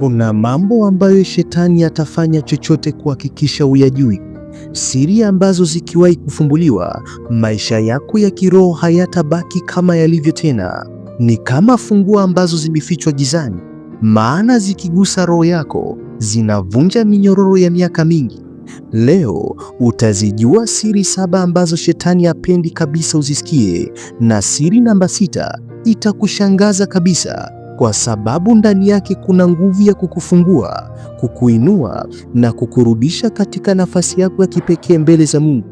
Kuna mambo ambayo shetani atafanya chochote kuhakikisha uyajui, siri ambazo zikiwahi kufumbuliwa maisha yako ya kiroho hayatabaki kama yalivyo tena. Ni kama funguo ambazo zimefichwa gizani, maana zikigusa roho yako zinavunja minyororo ya miaka mingi. Leo utazijua siri saba ambazo shetani hapendi kabisa uzisikie, na siri namba sita itakushangaza kabisa kwa sababu ndani yake kuna nguvu ya kukufungua, kukuinua na kukurudisha katika nafasi yako ya kipekee mbele za Mungu.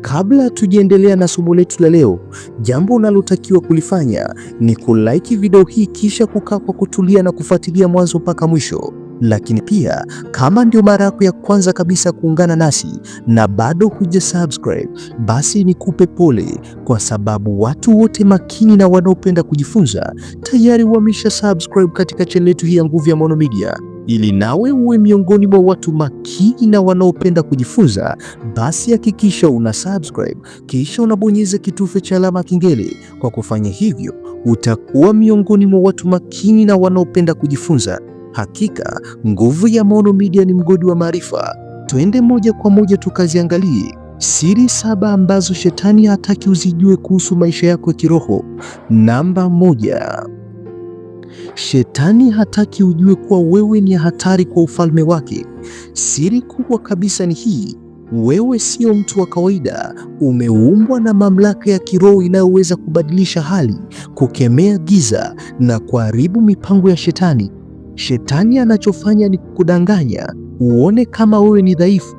Kabla tujiendelea na somo letu la leo, jambo unalotakiwa kulifanya ni kulike video hii kisha kukaa kwa kutulia na kufuatilia mwanzo mpaka mwisho lakini pia kama ndio mara yako ya kwanza kabisa kuungana nasi na bado subscribe, basi nikupe pole, kwa sababu watu wote makini na wanaopenda kujifunza tayari wamesha subscribe katika channel yetu hii ya Nguvu ya Maono Media. Ili nawe uwe miongoni mwa watu makini na wanaopenda kujifunza, basi hakikisha una subscribe kisha unabonyeza kitufe cha alama kengele. Kwa kufanya hivyo, utakuwa miongoni mwa watu makini na wanaopenda kujifunza. Hakika nguvu ya Maono Media ni mgodi wa maarifa. Twende moja kwa moja tukaziangalie siri saba ambazo shetani hataki uzijue kuhusu maisha yako ya kiroho. Namba moja, shetani hataki ujue kuwa wewe ni hatari kwa ufalme wake. Siri kubwa kabisa ni hii: wewe sio mtu wa kawaida. Umeumbwa na mamlaka ya kiroho inayoweza kubadilisha hali, kukemea giza na kuharibu mipango ya shetani. Shetani anachofanya ni kudanganya uone kama wewe ni dhaifu,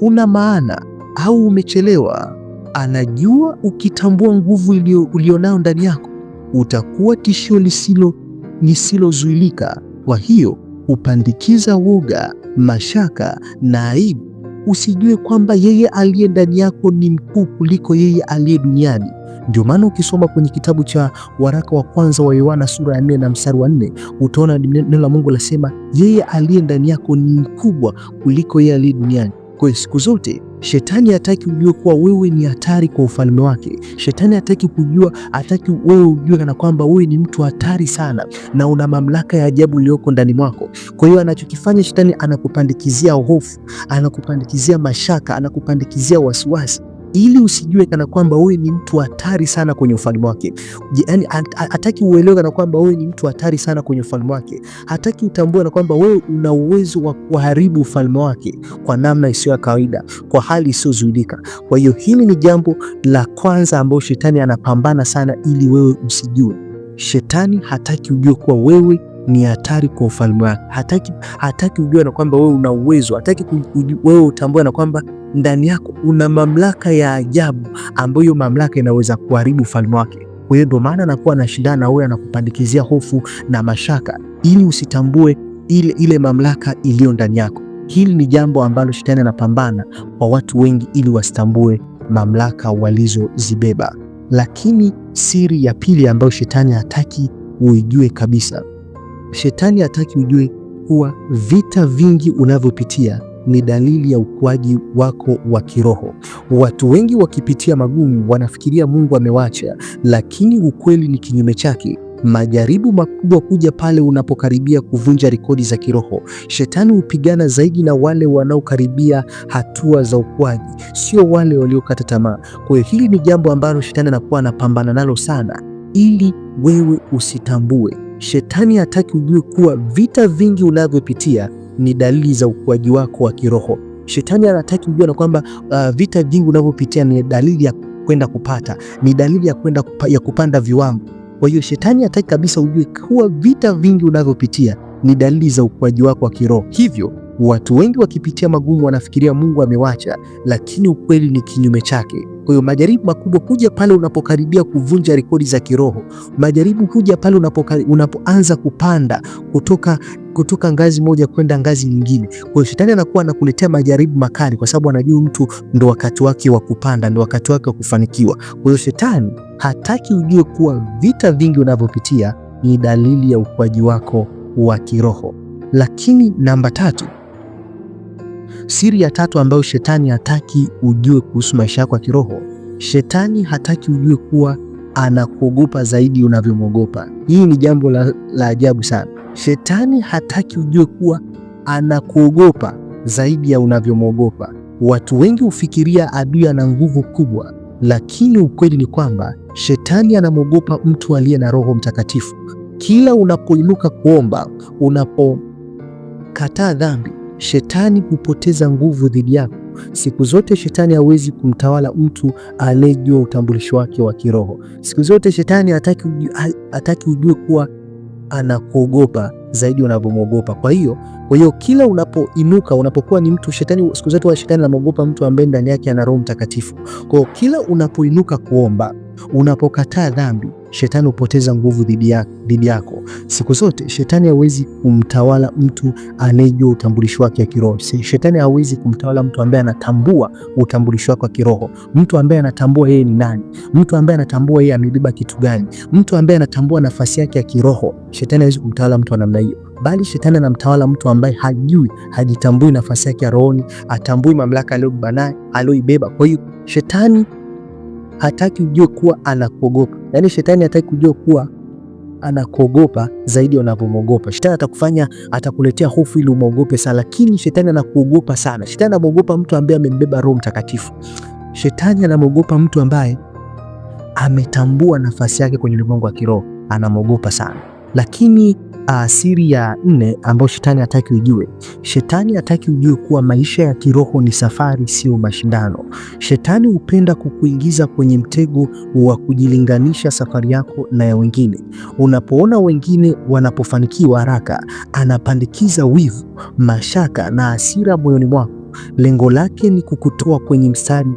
una maana au umechelewa. Anajua ukitambua nguvu ulionayo ndani yako utakuwa tishio lisilo lisilozuilika. Kwa hiyo hupandikiza woga, mashaka na aibu usijue kwamba yeye aliye ndani yako ni mkuu kuliko yeye aliye duniani. Ndio maana ukisoma kwenye kitabu cha waraka wa kwanza wa Yohana sura ya 4 na mstari wa nne utaona neno la Mungu lasema yeye aliye ndani yako ni mkubwa kuliko yeye aliye duniani. Kwa hiyo siku zote Shetani hataki ujue kuwa wewe ni hatari kwa ufalme wake. Shetani hataki kujua, hataki wewe ujue kana kwamba wewe ni mtu hatari sana na una mamlaka ya ajabu iliyoko ndani mwako. Kwa hiyo anachokifanya shetani, anakupandikizia hofu, anakupandikizia mashaka, anakupandikizia wasiwasi ili usijue kana kwamba wewe ni mtu hatari sana kwenye ufalme wake. Yani hataki uelewe kana kwamba wewe ni mtu hatari sana kwenye ufalme wake, hataki utambue na kwamba wewe una uwezo wa kuharibu ufalme wake kwa namna isiyo ya kawaida, kwa hali isiyozuilika. Kwa hiyo hili ni jambo la kwanza ambayo shetani anapambana sana ili wewe usijue. Shetani hataki ujue kuwa wewe ni hatari kwa ufalme wake. Hataki, hataki ujue na kwamba wewe una uwezo, hataki wewe utambue na kwamba ndani yako una mamlaka ya ajabu, ambayo mamlaka inaweza kuharibu ufalme wake. Kwa hiyo ndio maana anakuwa na shida na wewe, anakupandikizia hofu na mashaka ili usitambue ile, ile mamlaka iliyo ndani yako. Hili ni jambo ambalo shetani anapambana kwa watu wengi ili wasitambue mamlaka walizozibeba. Lakini siri ya pili ambayo shetani hataki uijue kabisa Shetani hataki ujue kuwa vita vingi unavyopitia ni dalili ya ukuaji wako wa kiroho. Watu wengi wakipitia magumu wanafikiria Mungu amewacha lakini ukweli ni kinyume chake. Majaribu makubwa kuja pale unapokaribia kuvunja rekodi za kiroho. Shetani hupigana zaidi na wale wanaokaribia hatua za ukuaji, sio wale waliokata tamaa. Kwa hiyo hili ni jambo ambalo shetani anakuwa anapambana nalo sana, ili wewe usitambue Shetani hataki ujue kuwa vita vingi unavyopitia ni dalili za ukuaji wako wa kiroho. Shetani anataki ujue na kwamba uh, vita vingi unavyopitia ni dalili ya kwenda kupata, ni dalili ya kwenda kupa, ya kupanda viwango. Kwa hiyo shetani hataki kabisa ujue kuwa vita vingi unavyopitia ni dalili za ukuaji wako wa kiroho. Hivyo watu wengi wakipitia magumu wanafikiria Mungu amewacha, lakini ukweli ni kinyume chake. Kwa hiyo majaribu makubwa huja pale unapokaribia kuvunja rekodi za kiroho. Majaribu huja pale unapoanza kupanda kutoka kutoka ngazi moja kwenda ngazi nyingine. Kwa hiyo shetani anakuwa anakuletea majaribu makali, kwa sababu anajua mtu ndo wakati wake wa kupanda, ndo wakati wake wa kufanikiwa. Kwa hiyo shetani hataki ujue kuwa vita vingi unavyopitia ni dalili ya ukuaji wako wa kiroho. Lakini namba tatu Siri ya tatu ambayo shetani hataki ujue kuhusu maisha yako ya kiroho, shetani hataki ujue kuwa anakuogopa zaidi unavyomwogopa. Hii ni jambo la, la ajabu sana. Shetani hataki ujue kuwa anakuogopa zaidi ya unavyomwogopa. Watu wengi hufikiria adui ana nguvu kubwa, lakini ukweli ni kwamba shetani anamwogopa mtu aliye na Roho Mtakatifu. Kila unapoinuka kuomba, unapokataa dhambi shetani hupoteza nguvu dhidi yako. Siku zote shetani hawezi kumtawala mtu aliyejua utambulisho wake wa kiroho. Siku zote shetani hataki hataki ujue kuwa anakuogopa zaidi unavyomwogopa. Kwa hiyo kwa hiyo kila unapoinuka, unapokuwa ni mtu shetani, siku zote wa shetani anamwogopa mtu ambaye ndani yake ana Roho Mtakatifu. Kwa hiyo kila unapoinuka kuomba Unapokataa dhambi, shetani hupoteza nguvu dhidi yako. Siku zote shetani hawezi kumtawala mtu anayejua utambulisho wake wa kiroho. Shetani hawezi kumtawala mtu ambaye anatambua utambulisho wake wa kiroho, mtu ambaye anatambua yeye ni nani, mtu ambaye anatambua yeye amebeba kitu gani, mtu ambaye anatambua nafasi yake ya kiroho. Shetani hawezi kumtawala mtu wa namna hiyo, bali shetani anamtawala mtu ambaye hajui, hajitambui nafasi yake ya rohoni, atambui mamlaka aliyobeba naye, aliyoibeba. Kwa hiyo shetani hataki ujue kuwa anakuogopa. Yaani shetani hataki ujue kuwa anakuogopa zaidi unavyomwogopa Shetani atakufanya atakuletea hofu ili umwogope sana, lakini shetani anakuogopa sana. Shetani anamwogopa mtu ambaye amembeba Roho Mtakatifu. Shetani anamwogopa mtu ambaye ametambua nafasi yake kwenye ulimwengu wa kiroho, anamwogopa sana, lakini uh, siri ya nne ambayo shetani hataki ujue. Shetani hataki ujue kuwa maisha ya kiroho ni safari, sio mashindano. Shetani hupenda kukuingiza kwenye mtego wa kujilinganisha safari yako na ya wengine. Unapoona wengine wanapofanikiwa haraka, anapandikiza wivu, mashaka na hasira moyoni mwako. Lengo lake ni kukutoa kwenye mstari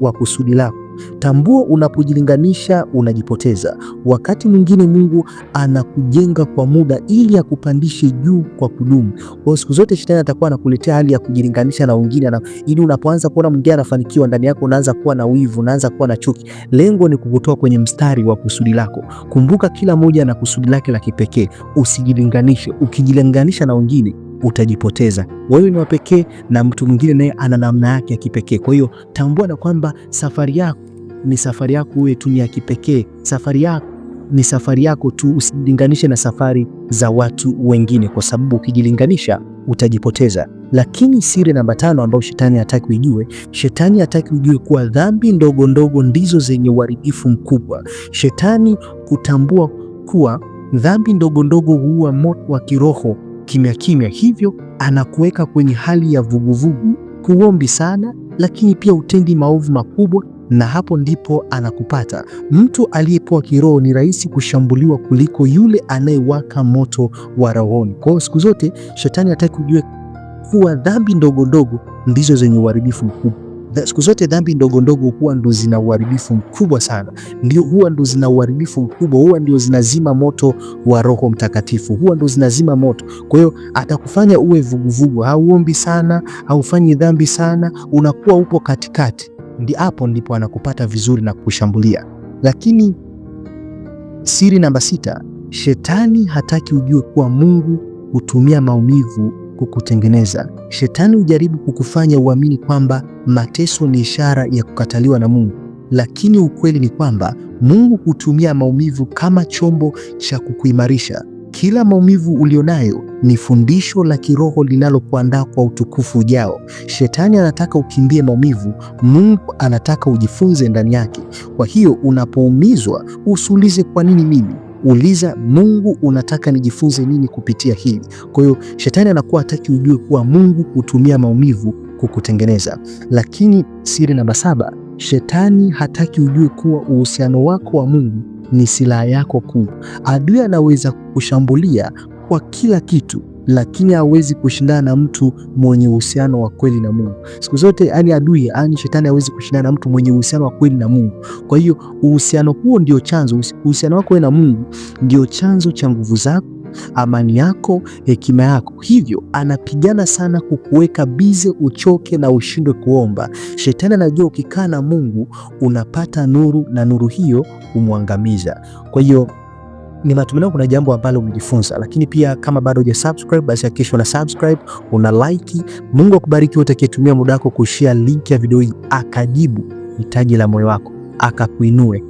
wa kusudi lako. Tambua, unapojilinganisha unajipoteza. Wakati mwingine Mungu anakujenga kwa muda ili akupandishe juu kwa kudumu. Kwa siku zote shetani atakuwa anakuletea hali ya kujilinganisha na wengine, na ili unapoanza kuona mwingine anafanikiwa, ndani yako unaanza kuwa na wivu, unaanza kuwa na chuki. Lengo ni kukutoa kwenye mstari wa kusudi lako. Kumbuka, kila mmoja na kusudi lake la kipekee, usijilinganishe. Ukijilinganisha na wengine utajipoteza. Wewe ni wa pekee na mtu mwingine naye ana namna yake ya kipekee. Kwa hiyo tambua na kwamba safari yako ni safari yako uwe tu ni ya kipekee. Safari yako ni safari yako tu, usijilinganishe na safari za watu wengine, kwa sababu ukijilinganisha utajipoteza. Lakini siri namba tano ambayo shetani hataki ujue, shetani hataki ujue kuwa dhambi ndogo ndogo ndizo zenye uharibifu mkubwa. Shetani hutambua kuwa dhambi ndogo ndogo huua moto wa kiroho kimya kimya, hivyo anakuweka kwenye hali ya vuguvugu, huombi sana, lakini pia utendi maovu makubwa na hapo ndipo anakupata. Mtu aliyepoa kiroho ni rahisi kushambuliwa kuliko yule anayewaka moto wa rohoni. Kwa hiyo siku zote shetani hataki kujua kuwa dhambi ndogo ndogo ndizo zenye uharibifu mkubwa. Siku zote dhambi ndogo ndogo huwa ndo zina uharibifu mkubwa sana, ndio huwa ndo zina uharibifu mkubwa, huwa ndio zinazima moto wa Roho Mtakatifu, huwa ndo zinazima moto. Kwa hiyo atakufanya uwe vuguvugu, hauombi sana, haufanyi dhambi sana, unakuwa upo katikati ndi hapo ndipo anakupata vizuri na kushambulia. Lakini siri namba sita, shetani hataki ujue kuwa Mungu hutumia maumivu kukutengeneza. Shetani hujaribu kukufanya uamini kwamba mateso ni ishara ya kukataliwa na Mungu, lakini ukweli ni kwamba Mungu hutumia maumivu kama chombo cha kukuimarisha. Kila maumivu ulionayo ni fundisho la kiroho linalokuandaa kwa utukufu ujao. Shetani anataka ukimbie maumivu, Mungu anataka ujifunze ndani yake. Kwa hiyo unapoumizwa, usiulize kwa nini mimi Uliza Mungu, unataka nijifunze nini kupitia hili? Kwa hiyo shetani anakuwa hataki ujue kuwa Mungu hutumia maumivu kukutengeneza. Lakini siri namba saba, shetani hataki ujue kuwa uhusiano wako wa Mungu ni silaha yako kuu. Adui anaweza kushambulia kwa kila kitu, lakini hawezi kushindana na mtu mwenye uhusiano wa kweli na Mungu. Siku zote, yani adui, yani shetani hawezi kushindana na mtu mwenye uhusiano wa kweli na Mungu. Kwa hiyo uhusiano huo ndio chanzo, uhusiano wako na Mungu ndio chanzo cha nguvu zako amani yako, hekima yako. Hivyo anapigana sana kukuweka bize, uchoke na ushindwe kuomba. Shetani anajua ukikaa na Mungu unapata nuru, na nuru hiyo humwangamiza. Kwa hiyo ni matumaini kuna jambo ambalo umejifunza, lakini pia kama bado subscribe basi hakikisha una subscribe, una like. Mungu akubariki wote akitumia muda wako kushare link ya video hii, akajibu hitaji la moyo wako, akakuinue,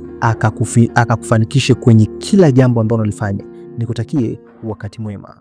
akakufanikishe kwenye kila jambo ambalo unalifanya. Nikutakie wakati mwema.